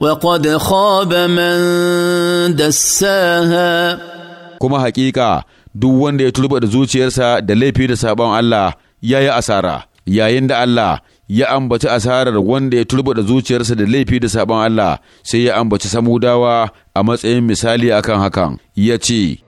وقد خاب من دساها kuma haƙiƙa duk wanda ya turba da zuciyarsa da laifi da sabon Allah ya yi asara yayin da Allah ya ambaci asarar wanda ya turba da zuciyarsa da laifi da sabon Allah sai ya ambaci samudawa a matsayin misali akan hakan ya ce